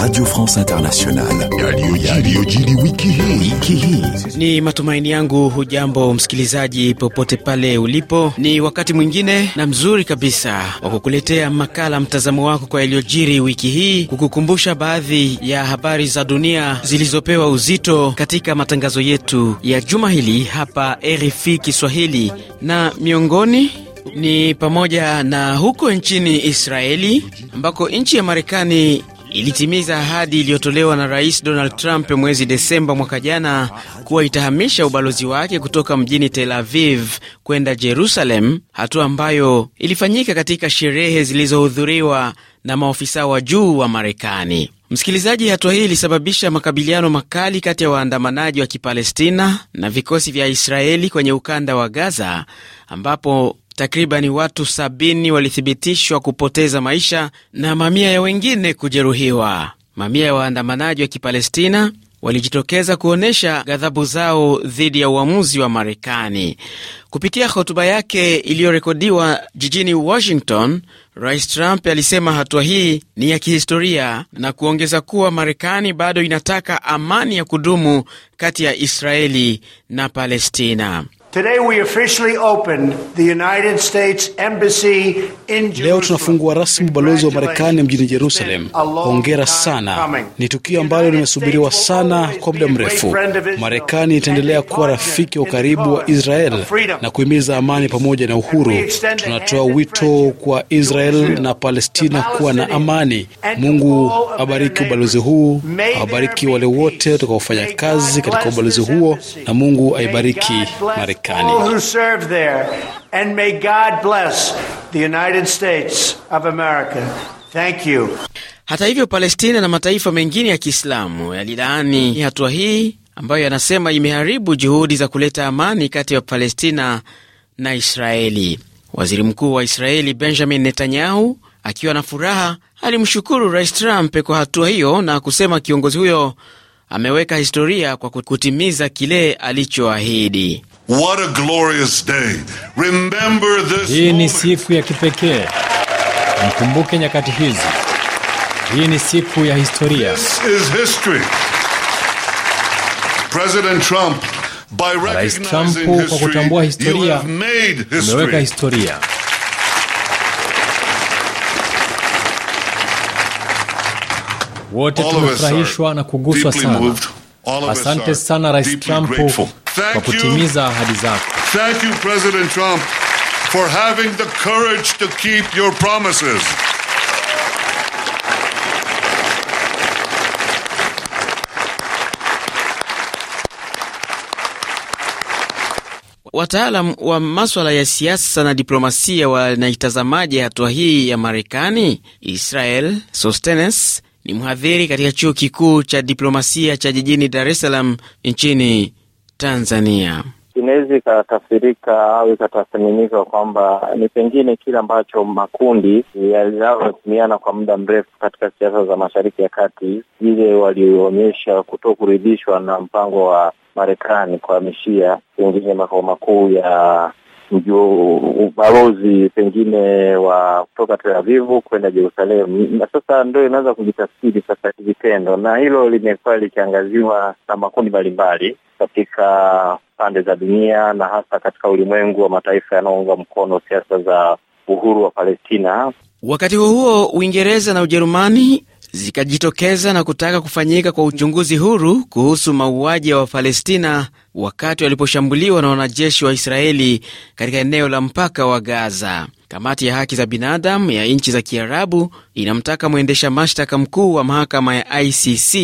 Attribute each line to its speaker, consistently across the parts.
Speaker 1: Radio France Internationale.
Speaker 2: Ni matumaini yangu hujambo msikilizaji popote pale ulipo. Ni wakati mwingine na mzuri kabisa wa kukuletea makala mtazamo wako kwa yaliyojiri wiki hii, kukukumbusha baadhi ya habari za dunia zilizopewa uzito katika matangazo yetu ya juma hili hapa RFI Kiswahili, na miongoni ni pamoja na huko nchini Israeli ambako nchi ya Marekani ilitimiza ahadi iliyotolewa na Rais Donald Trump mwezi Desemba mwaka jana kuwa itahamisha ubalozi wake kutoka mjini Tel Aviv kwenda Jerusalem, hatua ambayo ilifanyika katika sherehe zilizohudhuriwa na maofisa wa juu wa Marekani. Msikilizaji, hatua hii ilisababisha makabiliano makali kati ya waandamanaji wa Kipalestina na vikosi vya Israeli kwenye ukanda wa Gaza ambapo takribani watu sabini walithibitishwa kupoteza maisha na mamia ya wengine kujeruhiwa. Mamia ya waandamanaji wa Kipalestina walijitokeza kuonyesha ghadhabu zao dhidi ya uamuzi wa Marekani. Kupitia hotuba yake iliyorekodiwa jijini Washington, Rais Trump alisema hatua hii ni ya kihistoria na kuongeza kuwa Marekani bado inataka amani ya kudumu kati ya Israeli na Palestina.
Speaker 3: Today we officially opened the United States Embassy in leo
Speaker 2: tunafungua rasmi ubalozi wa Marekani mjini Jerusalem. Hongera sana, ni tukio ambalo limesubiriwa sana kwa muda mrefu. Marekani itaendelea kuwa rafiki wa karibu wa Israel na kuhimiza amani pamoja na uhuru. Tunatoa wito kwa Israel na Palestina kuwa na amani. Mungu abariki ubalozi huu, awabariki wale wote watakaofanya kazi katika ubalozi huo, na Mungu aibariki Marekani. Marekani. All
Speaker 3: who served there, and may God bless the United States of America.
Speaker 2: Thank you. Hata hivyo, Palestina na mataifa mengine ya Kiislamu yalilaani hatua hii ambayo yanasema imeharibu juhudi za kuleta amani kati ya Palestina na Israeli. Waziri Mkuu wa Israeli Benjamin Netanyahu akiwa na furaha alimshukuru Rais Trump kwa hatua hiyo na kusema kiongozi huyo ameweka historia kwa kutimiza kile alichoahidi.
Speaker 1: What a glorious day. Remember this hii ni siku ya kipekee, mkumbuke nyakati hizi. Hii ni siku ya historia. This
Speaker 4: is history. President Trump, by Rais Trump kwa kutambua historia umeweka historia.
Speaker 1: Wote tumefurahishwa na kuguswa sana moved. Asante sana Rais Trump kwa kutimiza ahadi
Speaker 5: zako. Thank you President Trump for having the courage to keep your promises.
Speaker 2: Wataalam wa maswala ya siasa na diplomasia wanaitazamaje hatua hii ya Marekani? Israel Sostenes ni mhadhiri katika chuo kikuu cha diplomasia cha jijini Dar es Salaam nchini Tanzania.
Speaker 3: Inaweza ikatafsirika au ikatathminika kwamba ni pengine kile ambacho makundi yaliyotumiana kwa muda mrefu katika siasa za Mashariki ya Kati, ile walionyesha kuto kuridhishwa na mpango wa Marekani kuhamishia pengine makao makuu ya ndio ubalozi pengine wa kutoka Tel Avivu kwenda Jerusalemu, na sasa ndio inaanza kujitafsiri sasa kivitendo, na hilo limekuwa likiangaziwa na makundi mbalimbali katika pande za dunia na hasa katika ulimwengu wa mataifa yanayounga mkono siasa za uhuru wa Palestina.
Speaker 2: Wakati huo huo, Uingereza na Ujerumani zikajitokeza na kutaka kufanyika kwa uchunguzi huru kuhusu mauaji ya Wapalestina wakati waliposhambuliwa na wanajeshi wa Israeli katika eneo la mpaka wa Gaza. Kamati ya haki za binadamu ya nchi za Kiarabu inamtaka mwendesha mashtaka mkuu wa mahakama ya ICC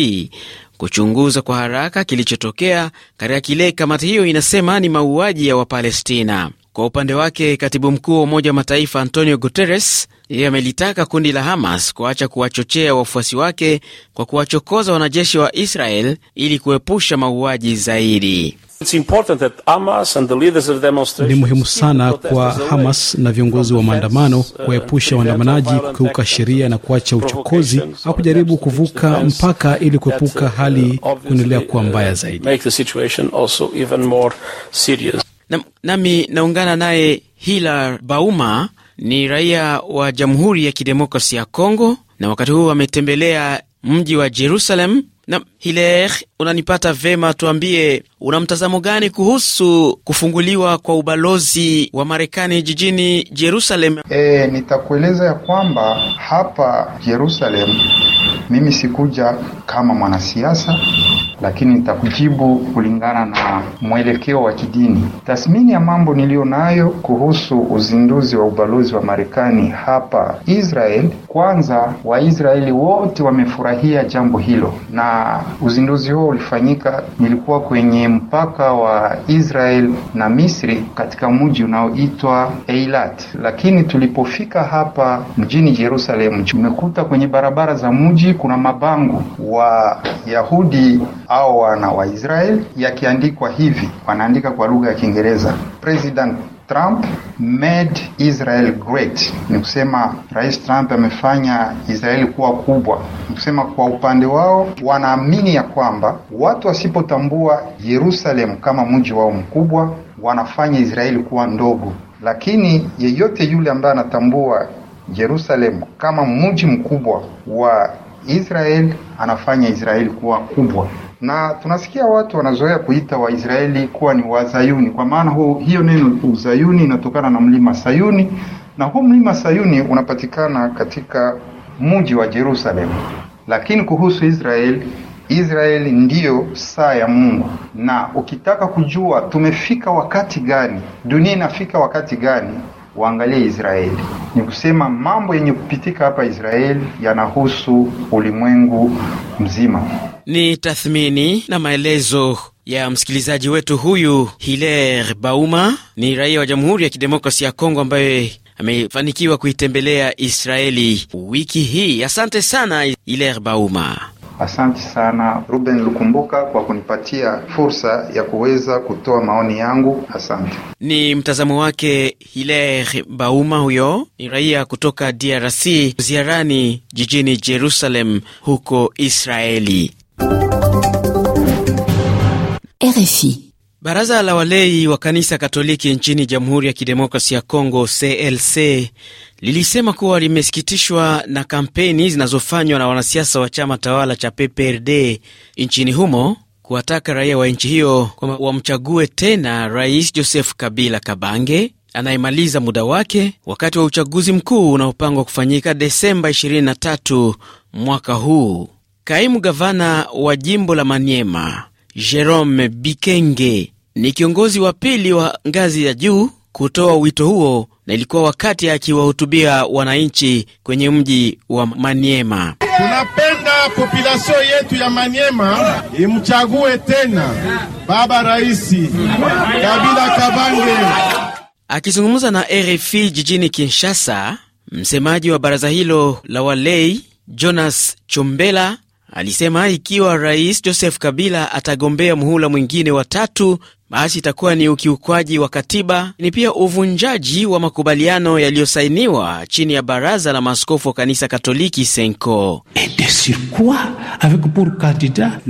Speaker 2: kuchunguza kwa haraka kilichotokea katika kile kamati hiyo inasema ni mauaji ya Wapalestina. Kwa upande wake katibu mkuu wa Umoja wa Mataifa Antonio Guterres yeye amelitaka kundi la Hamas kuacha kuwachochea wafuasi wake kwa kuwachokoza wanajeshi wa Israel ili kuepusha mauaji zaidi. Ni muhimu sana kwa Hamas na viongozi wa maandamano uh, kuwaepusha waandamanaji kukiuka sheria na kuacha uchokozi au kujaribu kuvuka mpaka ili kuepuka uh, hali kuendelea kuwa
Speaker 4: mbaya uh, zaidi.
Speaker 2: Na, nami naungana naye hilar Bauma ni raia wa Jamhuri ya Kidemokrasi ya Kongo na wakati huu ametembelea mji wa Jerusalem. Na Hiler, unanipata vema? Tuambie, una mtazamo gani kuhusu kufunguliwa kwa ubalozi wa Marekani jijini Jerusalem?
Speaker 6: E, nitakueleza ya kwamba hapa Jerusalem mimi sikuja kama mwanasiasa, lakini nitakujibu kulingana na mwelekeo wa kidini. Tathmini ya mambo niliyo nayo kuhusu uzinduzi wa ubalozi wa Marekani hapa Israel kwanza Waisraeli wote wamefurahia jambo hilo, na uzinduzi huo ulifanyika, nilikuwa kwenye mpaka wa Israel na Misri katika mji unaoitwa Eilat. Lakini tulipofika hapa mjini Jerusalemu, tumekuta kwenye barabara za mji kuna mabango Wayahudi au wana Israel yakiandikwa hivi, wanaandika kwa lugha ya Kiingereza President Trump made Israel great, ni kusema Rais Trump amefanya Israeli kuwa kubwa. Ni kusema kwa upande wao wanaamini ya kwamba watu wasipotambua Yerusalemu kama mji wao mkubwa, wanafanya Israeli kuwa ndogo, lakini yeyote yule ambaye anatambua Yerusalemu kama mji mkubwa wa Israel anafanya Israeli kuwa kubwa na tunasikia watu wanazoea kuita Waisraeli kuwa ni Wazayuni, kwa maana hiyo neno uzayuni inatokana na mlima Sayuni, na huu mlima Sayuni unapatikana katika mji wa jerusalemu Lakini kuhusu Israeli, Israeli ndiyo saa ya Mungu, na ukitaka kujua tumefika wakati gani, dunia inafika wakati gani waangalie Israeli. Ni kusema mambo yenye kupitika hapa Israeli yanahusu ulimwengu mzima.
Speaker 2: Ni tathmini na maelezo ya msikilizaji wetu huyu hiler Bauma, ni raia wa Jamhuri ya Kidemokrasia ya Kongo ambaye amefanikiwa kuitembelea Israeli wiki hii. Asante sana hiler Bauma.
Speaker 6: Asante sana Ruben Lukumbuka kwa kunipatia fursa ya kuweza kutoa maoni yangu,
Speaker 2: asante. Ni mtazamo wake Hilaire Bauma, huyo ni raia kutoka DRC ziarani jijini Jerusalem huko Israeli. RFI Baraza la walei wa kanisa Katoliki nchini Jamhuri ya Kidemokrasi ya Kongo, CLC, lilisema kuwa limesikitishwa na kampeni zinazofanywa na wanasiasa wa chama tawala cha PPRD nchini humo kuwataka raia wa nchi hiyo kwamba wamchague tena Rais Joseph Kabila Kabange anayemaliza muda wake wakati wa uchaguzi mkuu unaopangwa kufanyika Desemba 23 mwaka huu. Kaimu gavana wa jimbo la Maniema Jerome Bikenge ni kiongozi wa pili wa ngazi ya juu kutoa wito huo, na ilikuwa wakati akiwahutubia wananchi kwenye mji wa Maniema.
Speaker 1: Tunapenda populasio yetu ya Maniema imchague tena baba raisi Kabila Kabange.
Speaker 2: Akizungumza na RFI jijini Kinshasa, msemaji wa baraza hilo la walei Jonas Chumbela Alisema ikiwa Rais Joseph Kabila atagombea muhula mwingine wa tatu, basi itakuwa ni ukiukwaji wa katiba, ni pia uvunjaji wa makubaliano yaliyosainiwa chini ya baraza la maaskofu wa kanisa Katoliki Senko.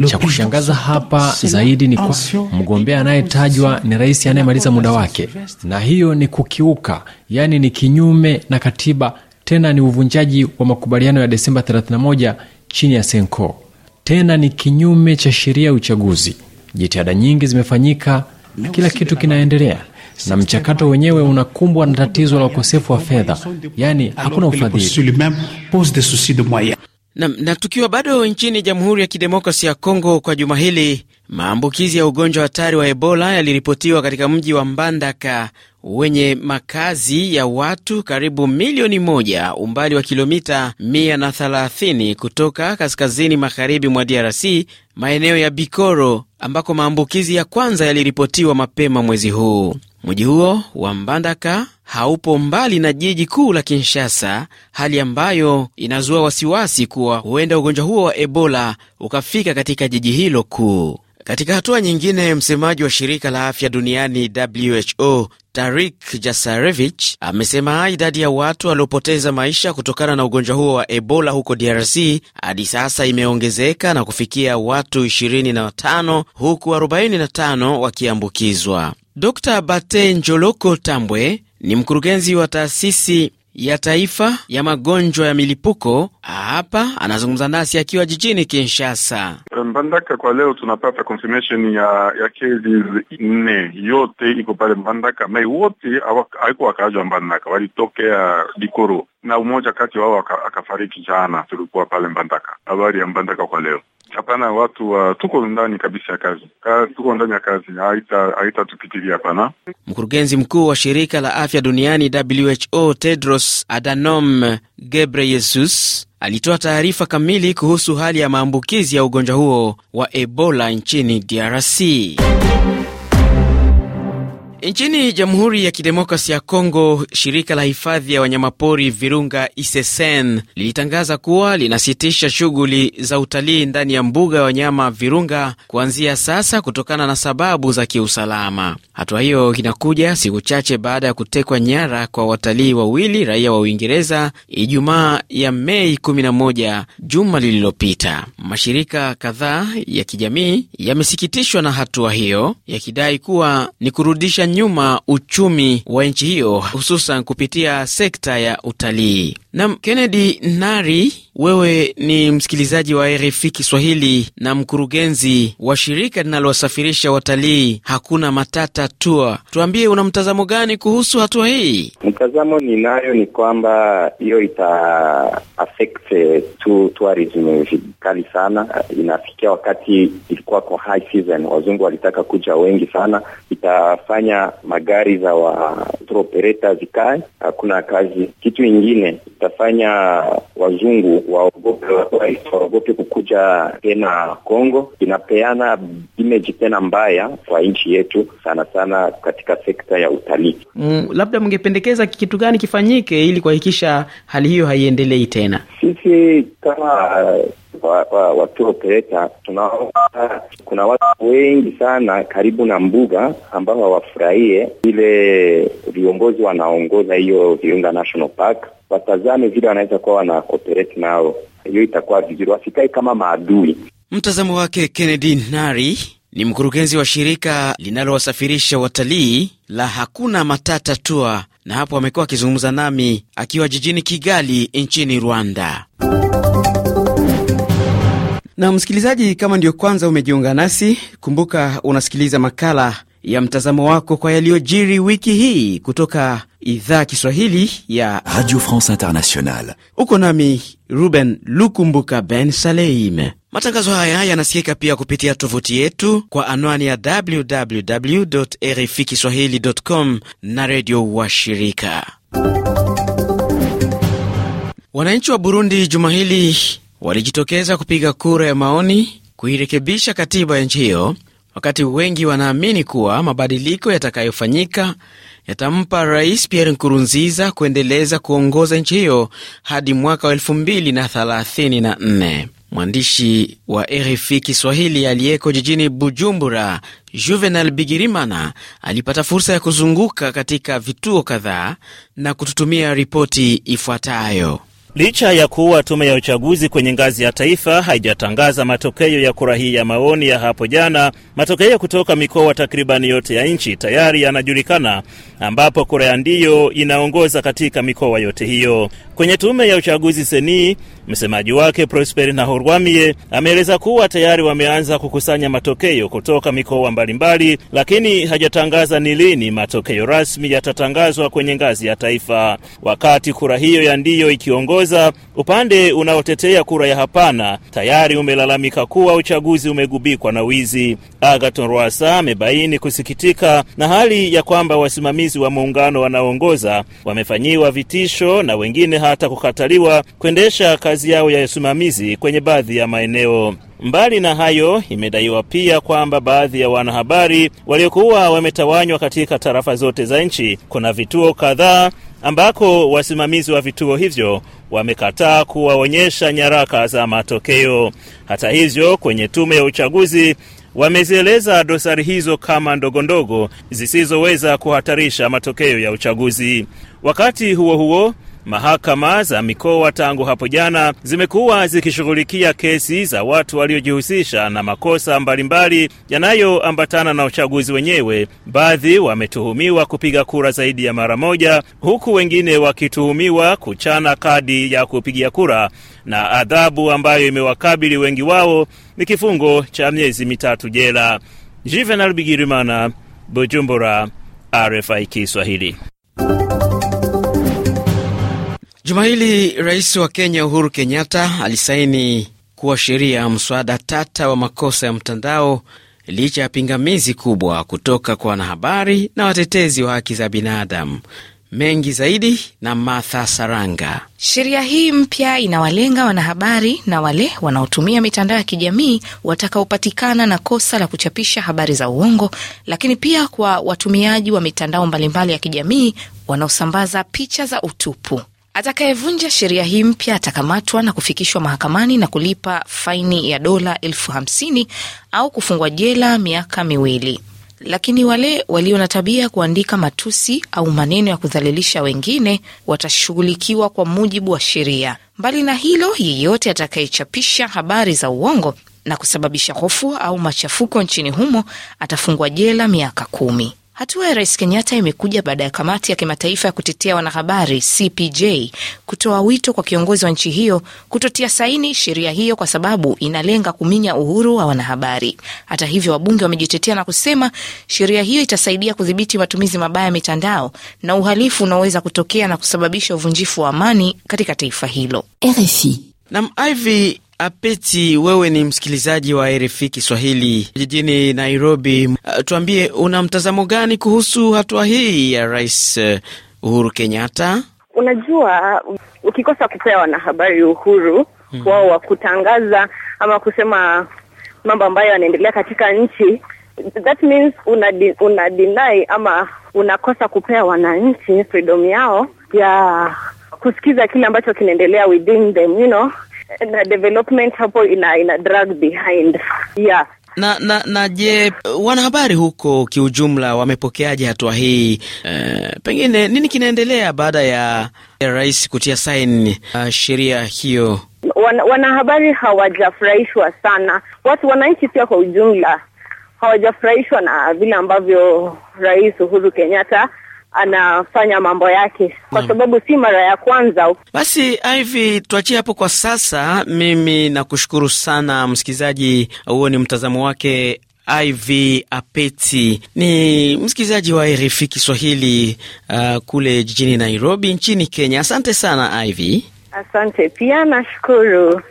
Speaker 1: Cha kushangaza hapa zaidi ni kwa mgombea anayetajwa ni rais anayemaliza muda wake, na hiyo ni kukiuka, yaani ni kinyume na katiba, tena ni uvunjaji wa makubaliano ya Desemba 31 chini ya senko tena ni kinyume cha sheria ya uchaguzi jitihada nyingi zimefanyika kila kitu kinaendelea na mchakato wenyewe unakumbwa na tatizo la ukosefu wa fedha yaani hakuna ufadhili
Speaker 2: na, na tukiwa bado nchini Jamhuri ya Kidemokrasi ya Kongo, kwa juma hili maambukizi ya ugonjwa hatari wa Ebola yaliripotiwa katika mji wa Mbandaka wenye makazi ya watu karibu milioni moja umbali wa kilomita 130 kutoka kaskazini magharibi mwa DRC, maeneo ya Bikoro ambako maambukizi ya kwanza yaliripotiwa mapema mwezi huu. Mji huo wa Mbandaka haupo mbali na jiji kuu la Kinshasa, hali ambayo inazua wasiwasi kuwa huenda ugonjwa huo wa Ebola ukafika katika jiji hilo kuu. Katika hatua nyingine, msemaji wa shirika la afya duniani WHO Tarik Jasarevich amesema idadi ya watu waliopoteza maisha kutokana na ugonjwa huo wa Ebola huko DRC hadi sasa imeongezeka na kufikia watu 25 huku 45 wakiambukizwa. Dr Bate Njoloko Tambwe ni mkurugenzi wa taasisi ya taifa ya magonjwa ya milipuko hapa anazungumza nasi akiwa jijini Kinshasa.
Speaker 3: Mbandaka kwa leo tunapata confirmation ya ya cases nne, yote iko pale Mbandaka. Mai wote haiko wakaaji wa Mbandaka, walitokea Likoro na umoja kati wao akafariki jana, tulikuwa pale Mbandaka. Habari ya Mbandaka kwa leo Hapana, watu uh, tuko ndani kabisa ya kazi Ka, tuko ndani ya kazi, haitatupitilia hapana.
Speaker 2: Mkurugenzi mkuu wa shirika la afya duniani WHO Tedros Adhanom Ghebreyesus alitoa taarifa kamili kuhusu hali ya maambukizi ya ugonjwa huo wa Ebola nchini DRC. Nchini Jamhuri ya Kidemokrasi ya Kongo, shirika la hifadhi ya wanyamapori Virunga Isesen lilitangaza kuwa linasitisha shughuli za utalii ndani ya mbuga ya wanyama Virunga kuanzia sasa kutokana na sababu za kiusalama. Hatua hiyo inakuja siku chache baada ya kutekwa nyara kwa watalii wawili raia wa Uingereza Ijumaa ya Mei 11 juma lililopita. Mashirika kadhaa ya kijamii yamesikitishwa na hatua hiyo yakidai kuwa ni kurudisha nyuma uchumi wa nchi hiyo, hususan kupitia sekta ya utalii. Nam Kennedy Nari, wewe ni msikilizaji wa RFI Kiswahili na mkurugenzi wa shirika linalowasafirisha watalii Hakuna Matata Tour. Tuambie, una mtazamo gani kuhusu hatua hii?
Speaker 3: Mtazamo ninayo ni kwamba hiyo ita affect eh, tu tourism vikali sana. Inafikia wakati ilikuwa kwa high season, wazungu walitaka kuja wengi sana, itafanya magari za wa tour operators zikae, hakuna kazi. Kitu ingine itafanya wazungu waogope waogope kukuja tena Kongo. Inapeana image tena mbaya kwa nchi yetu, sana sana katika sekta
Speaker 2: ya utalii. Mm, labda mngependekeza kitu gani kifanyike ili kuhakikisha hali hiyo haiendelei tena?
Speaker 3: Sisi kama watu operator tunaona kuna watu wengi sana karibu na mbuga ambao hawafurahie ile viongozi wanaongoza hiyo Virunga National Park, watazame vile wanaweza kuwa wana nao, hiyo itakuwa vizuri, wasikae kama maadui.
Speaker 2: Mtazamo wake Kennedy Nari ni mkurugenzi wa shirika linalowasafirisha watalii la Hakuna Matata tua na hapo amekuwa akizungumza nami akiwa jijini Kigali nchini Rwanda. Na msikilizaji, kama ndiyo kwanza umejiunga nasi, kumbuka unasikiliza makala ya mtazamo wako kwa yaliyojiri wiki hii kutoka idhaa Kiswahili
Speaker 1: ya Radio France Internationale.
Speaker 2: Uko nami Ruben Lukumbuka Ben Saleim. Matangazo haya yanasikika pia kupitia tovuti yetu kwa anwani ya www RFI kiswahilicom na redio washirika. Wananchi wa Burundi juma hili walijitokeza kupiga kura ya maoni kuirekebisha katiba ya nchi hiyo, wakati wengi wanaamini kuwa mabadiliko yatakayofanyika yatampa Rais Pierre Nkurunziza kuendeleza kuongoza nchi hiyo hadi mwaka wa 2034. Mwandishi wa RFI Kiswahili aliyeko jijini Bujumbura, Juvenal Bigirimana alipata fursa ya
Speaker 4: kuzunguka katika vituo kadhaa na kututumia ripoti ifuatayo. Licha ya kuwa tume ya uchaguzi kwenye ngazi ya taifa haijatangaza matokeo ya kura hii ya maoni ya hapo jana, matokeo kutoka mikoa takribani yote ya nchi tayari yanajulikana, ambapo kura ya ndiyo inaongoza katika mikoa yote hiyo. Kwenye tume ya uchaguzi seni msemaji wake Prosper nahurwamie ameeleza kuwa tayari wameanza kukusanya matokeo kutoka mikoa mbalimbali, lakini hajatangaza ni lini matokeo rasmi yatatangazwa kwenye ngazi ya taifa. Wakati kura hiyo ya ndiyo ikiongoza, upande unaotetea kura ya hapana tayari umelalamika kuwa uchaguzi umegubikwa na wizi. Agaton Rwasa amebaini kusikitika na hali ya kwamba wasimamizi wa muungano wanaoongoza wamefanyiwa vitisho na wengine ha hata kukataliwa kuendesha kazi yao ya usimamizi kwenye baadhi ya maeneo. Mbali na hayo, imedaiwa pia kwamba baadhi ya wanahabari waliokuwa wametawanywa katika tarafa zote za nchi, kuna vituo kadhaa ambako wasimamizi wa vituo hivyo wamekataa kuwaonyesha nyaraka za matokeo. Hata hivyo, kwenye tume ya uchaguzi wamezieleza dosari hizo kama ndogondogo zisizoweza kuhatarisha matokeo ya uchaguzi. Wakati huo huo Mahakama za mikoa tangu hapo jana zimekuwa zikishughulikia kesi za watu waliojihusisha na makosa mbalimbali yanayoambatana na uchaguzi wenyewe. Baadhi wametuhumiwa kupiga kura zaidi ya mara moja, huku wengine wakituhumiwa kuchana kadi ya kupigia kura, na adhabu ambayo imewakabili wengi wao ni kifungo cha miezi mitatu jela. Juvenal Bigirimana, Bujumbura, RFI Kiswahili. Juma hili rais
Speaker 2: wa Kenya Uhuru Kenyatta alisaini kuwa sheria mswada tata wa makosa ya mtandao licha ya pingamizi kubwa kutoka kwa wanahabari na watetezi wa haki za binadamu. Mengi zaidi na Martha Saranga.
Speaker 5: Sheria hii mpya inawalenga wanahabari na wale wanaotumia mitandao ya kijamii watakaopatikana na kosa la kuchapisha habari za uongo, lakini pia kwa watumiaji wa mitandao mbalimbali ya kijamii wanaosambaza picha za utupu. Atakayevunja sheria hii mpya atakamatwa na kufikishwa mahakamani na kulipa faini ya dola elfu hamsini au kufungwa jela miaka miwili. Lakini wale walio na tabia kuandika matusi au maneno ya kudhalilisha wengine watashughulikiwa kwa mujibu wa sheria. Mbali na hilo, yeyote atakayechapisha habari za uongo na kusababisha hofu au machafuko nchini humo atafungwa jela miaka kumi. Hatua ya Rais Kenyatta imekuja baada ya kamati ya kimataifa ya kutetea wanahabari CPJ kutoa wito kwa kiongozi wa nchi hiyo kutotia saini sheria hiyo kwa sababu inalenga kuminya uhuru wa wanahabari. Hata hivyo, wabunge wamejitetea na kusema sheria hiyo itasaidia kudhibiti matumizi mabaya ya mitandao na uhalifu unaoweza kutokea na kusababisha uvunjifu wa amani katika taifa hilo.
Speaker 1: RFI.
Speaker 2: Nam Ivy, Apeti, wewe ni msikilizaji wa RFI Kiswahili jijini Nairobi. Uh, tuambie una mtazamo gani kuhusu hatua hii ya Rais uh, Uhuru Kenyatta?
Speaker 3: Unajua, ukikosa kupea wanahabari uhuru hmm, wao wa kutangaza ama kusema mambo ambayo yanaendelea katika nchi, that means una, una deny ama unakosa kupea wananchi freedom yao ya kusikiza kile ambacho kinaendelea within them, you know na development hapo ina ina drag behind yeah
Speaker 2: na na na je, wanahabari huko kiujumla wamepokeaje hatua hii? E, pengine nini kinaendelea baada ya, ya rais kutia saini uh, sheria hiyo?
Speaker 3: Wana, wanahabari hawajafurahishwa sana, watu wananchi pia kwa ujumla hawajafurahishwa na vile ambavyo Rais Uhuru Kenyatta anafanya mambo yake kwa sababu si mara ya kwanza. Basi
Speaker 2: Ivy, tuachie hapo kwa sasa. Mimi nakushukuru sana msikilizaji. Huo ni mtazamo wake iv Apeti, ni msikilizaji wa RFI Kiswahili uh, kule jijini Nairobi nchini Kenya. Asante sana iv
Speaker 3: Asante pia nashukuru.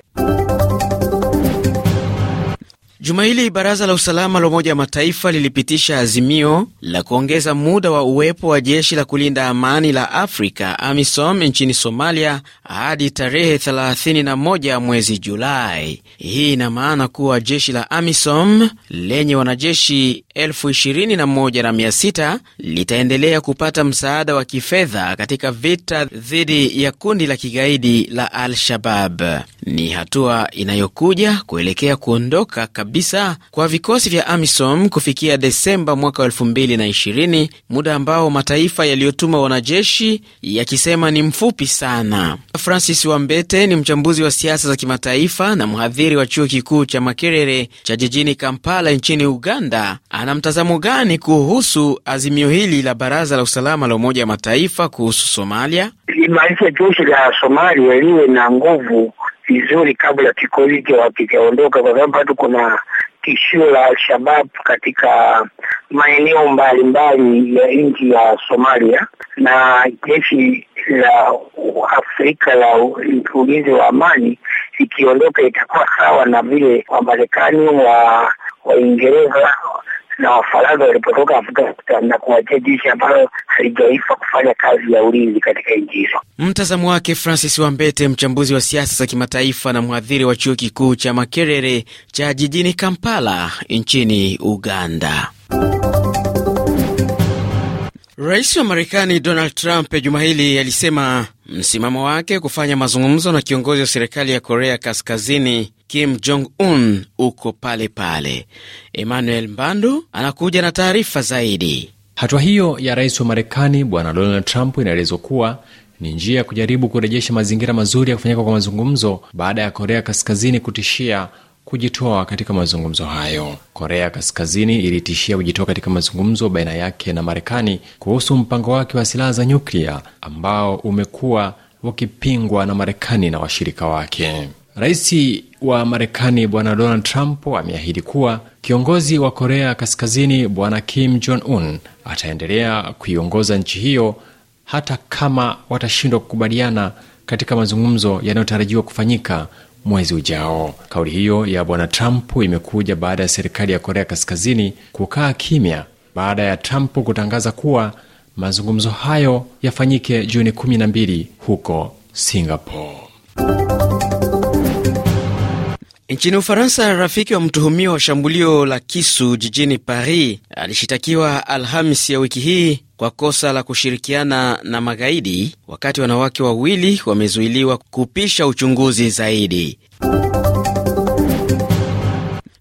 Speaker 2: Juma hili baraza la usalama la Umoja wa Mataifa lilipitisha azimio la kuongeza muda wa uwepo wa jeshi la kulinda amani la Afrika AMISOM nchini Somalia hadi tarehe 31 mwezi Julai. Hii ina maana kuwa jeshi la AMISOM lenye wanajeshi 21,600 litaendelea kupata msaada wa kifedha katika vita dhidi ya kundi la kigaidi la Al-Shabab. Ni hatua inayokuja kuelekea kuondoka kabisa kwa vikosi vya AMISOM kufikia Desemba mwaka 2020, muda ambao mataifa yaliyotuma wanajeshi yakisema ni mfupi sana. Francis Wambete ni mchambuzi wa siasa za kimataifa na mhadhiri wa chuo kikuu cha Makerere cha jijini Kampala nchini Uganda. Ana mtazamo gani kuhusu azimio hili la Baraza la Usalama la Umoja wa Mataifa kuhusu Somalia?
Speaker 3: Imarisha jeshi la Somalia liwe na nguvu vizuri kabla kikosi hicho hakijaondoka, kwa sababu bado kuna tishio la alshabab katika maeneo mbalimbali ya nchi ya Somalia na jeshi la Afrika la ulinzi wa amani ikiondoka itakuwa sawa na vile Wamarekani wa Waingereza na Wafaransa walipotoka Afghanistan na kuwatia jeshi ambalo halijaifa kufanya kazi ya ulinzi katika nchi hizo.
Speaker 2: Mtazamo wake Francis Wambete, mchambuzi wa siasa za kimataifa na mhadhiri wa chuo kikuu cha Makerere cha jijini Kampala nchini Uganda. Rais wa Marekani Donald Trump juma hili alisema msimamo wake kufanya mazungumzo na kiongozi wa serikali ya Korea Kaskazini Kim Jong Un uko pale pale.
Speaker 1: Emmanuel Mbando anakuja na taarifa zaidi. Hatua hiyo ya rais wa Marekani Bwana Donald Trump inaelezwa kuwa ni njia ya kujaribu kurejesha mazingira mazuri ya kufanyika kwa mazungumzo baada ya Korea Kaskazini kutishia kujitoa katika mazungumzo hayo. Korea Kaskazini ilitishia kujitoa katika mazungumzo baina yake na Marekani kuhusu mpango wake wa silaha za nyuklia ambao umekuwa wakipingwa na Marekani na washirika wake. Rais wa Marekani Bwana Donald Trump ameahidi kuwa kiongozi wa Korea Kaskazini Bwana Kim Jong Un ataendelea kuiongoza nchi hiyo hata kama watashindwa kukubaliana katika mazungumzo yanayotarajiwa kufanyika mwezi ujao. Kauli hiyo ya bwana Trump imekuja baada ya serikali ya Korea Kaskazini kukaa kimya baada ya Trump kutangaza kuwa mazungumzo hayo yafanyike Juni 12 huko Singapore. Nchini Ufaransa, rafiki wa mtuhumiwa wa
Speaker 2: shambulio la kisu jijini Paris alishitakiwa Alhamis ya wiki hii kwa kosa la kushirikiana na magaidi, wakati wanawake wawili wamezuiliwa kupisha uchunguzi zaidi.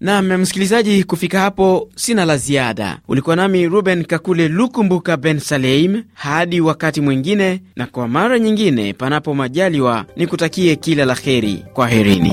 Speaker 2: Nam msikilizaji, kufika hapo sina la ziada. Ulikuwa nami Ruben Kakule Lukumbuka Ben Saleim. Hadi wakati mwingine, na kwa mara nyingine, panapo majaliwa, nikutakie kila la heri.
Speaker 1: kwa herini